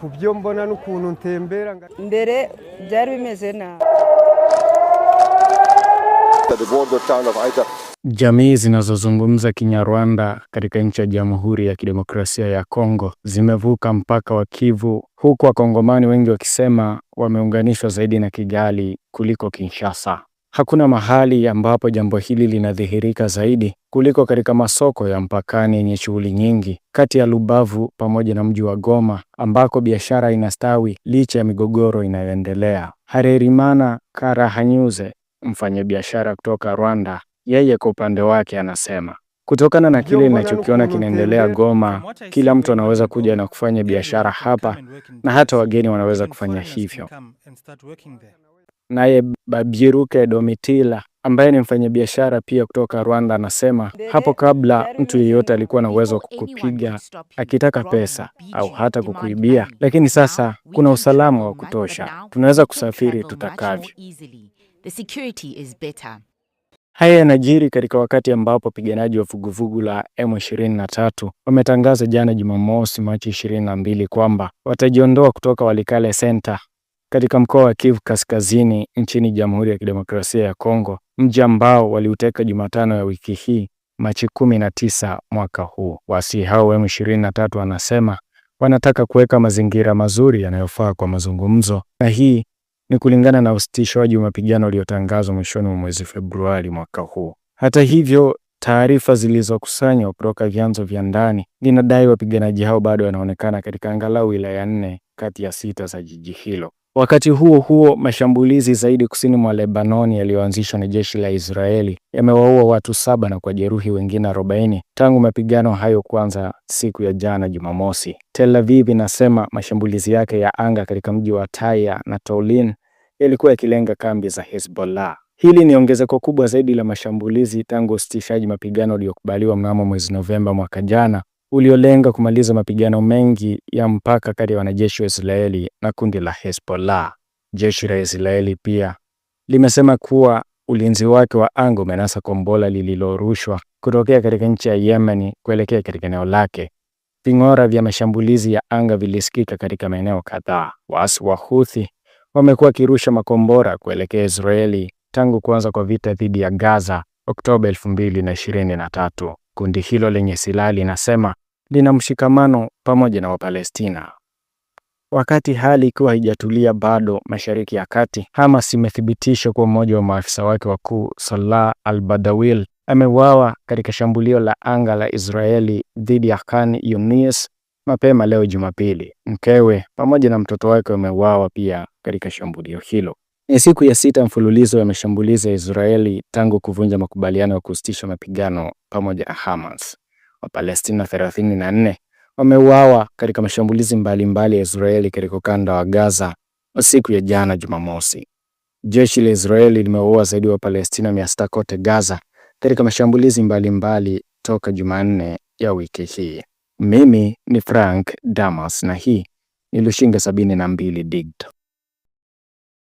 ku mbona n'ukuntu ntembera mbere byari bimeze nabi Jamii zinazozungumza Kinyarwanda katika nchi ya Jamhuri ya Kidemokrasia ya Kongo zimevuka mpaka wa Kivu, huku Wakongomani wengi wakisema wameunganishwa zaidi na Kigali kuliko Kinshasa. Hakuna mahali ambapo jambo hili linadhihirika zaidi kuliko katika masoko ya mpakani yenye shughuli nyingi kati ya Lubavu pamoja na mji wa Goma ambako biashara inastawi licha ya migogoro inayoendelea. Harerimana Karahanyuze, mfanyabiashara kutoka Rwanda, yeye kwa upande wake anasema kutokana na kile ninachokiona kinaendelea Goma, kila mtu anaweza kuja na kufanya biashara hapa na hata wageni wanaweza kufanya hivyo. Naye Babyiruke Domitila ambaye ni mfanyabiashara pia kutoka Rwanda anasema hapo kabla mtu yeyote alikuwa na uwezo wa kukupiga akitaka pesa au hata kukuibia, lakini sasa kuna usalama wa kutosha, tunaweza kusafiri tutakavyo. Haya yanajiri katika wakati ambapo wapiganaji wa vuguvugu la M23 wametangaza jana Jumamosi Machi 22 kwamba watajiondoa kutoka Walikale Center katika mkoa wa Kivu Kaskazini nchini Jamhuri ya Kidemokrasia ya Kongo, mji ambao waliuteka Jumatano ya wiki hii Machi 19 mwaka huu. Waasi hao M23 wanasema wanataka kuweka mazingira mazuri yanayofaa kwa mazungumzo, na hii ni kulingana na usitishwaji wa mapigano uliotangazwa mwishoni mwa mwezi Februari mwaka huu. Hata hivyo, taarifa zilizokusanywa kutoka vyanzo vya ndani linadai wapiganaji hao bado wanaonekana katika angalau wilaya nne kati ya sita za jiji hilo. Wakati huo huo, mashambulizi zaidi kusini mwa Lebanon yaliyoanzishwa na jeshi la Israeli yamewaua watu saba na kujeruhi wengine 40 tangu mapigano hayo kuanza siku ya jana Jumamosi. Tel Aviv inasema mashambulizi yake ya anga katika mji wa Taya na Taulin yalikuwa yakilenga kambi za Hezbollah. Hili ni ongezeko kubwa zaidi la mashambulizi tangu usitishaji mapigano uliokubaliwa mnamo mwezi Novemba mwaka jana uliolenga kumaliza mapigano mengi ya mpaka kati ya wanajeshi wa Israeli na kundi la Hezbollah. Jeshi la Israeli pia limesema kuwa ulinzi wake wa anga umenasa kombola lililorushwa kutokea katika nchi ya Yemen kuelekea katika eneo lake. Ving'ora vya mashambulizi ya anga vilisikika katika maeneo kadhaa. Waasi wa Houthi wamekuwa wakirusha makombora kuelekea Israeli tangu kuanza kwa vita dhidi ya Gaza Oktoba 2023. Kundi hilo lenye silaha linasema lina mshikamano pamoja na Wapalestina. Wakati hali ikiwa haijatulia bado Mashariki ya Kati, Hamas imethibitisha kuwa mmoja wa maafisa wake wakuu Salah al-Badawil ameuawa katika shambulio la anga la Israeli dhidi ya Khan Yunis mapema leo Jumapili. Mkewe pamoja na mtoto wake wameuawa pia katika shambulio hilo. Ni eh, siku ya sita mfululizo ya mashambulizi ya Israeli tangu kuvunja makubaliano ya kusitisha mapigano pamoja na Hamas. Wapalestina 34 wameuawa katika mashambulizi mbalimbali mbali ya Israeli katika ukanda wa Gaza siku ya jana Jumamosi. Jeshi la Israeli limeua zaidi ya Wapalestina 600 kote Gaza katika mashambulizi mbalimbali mbali toka Jumanne ya wiki hii. Mimi ni Frank Damas na hii ni Lushinga 72 Digital.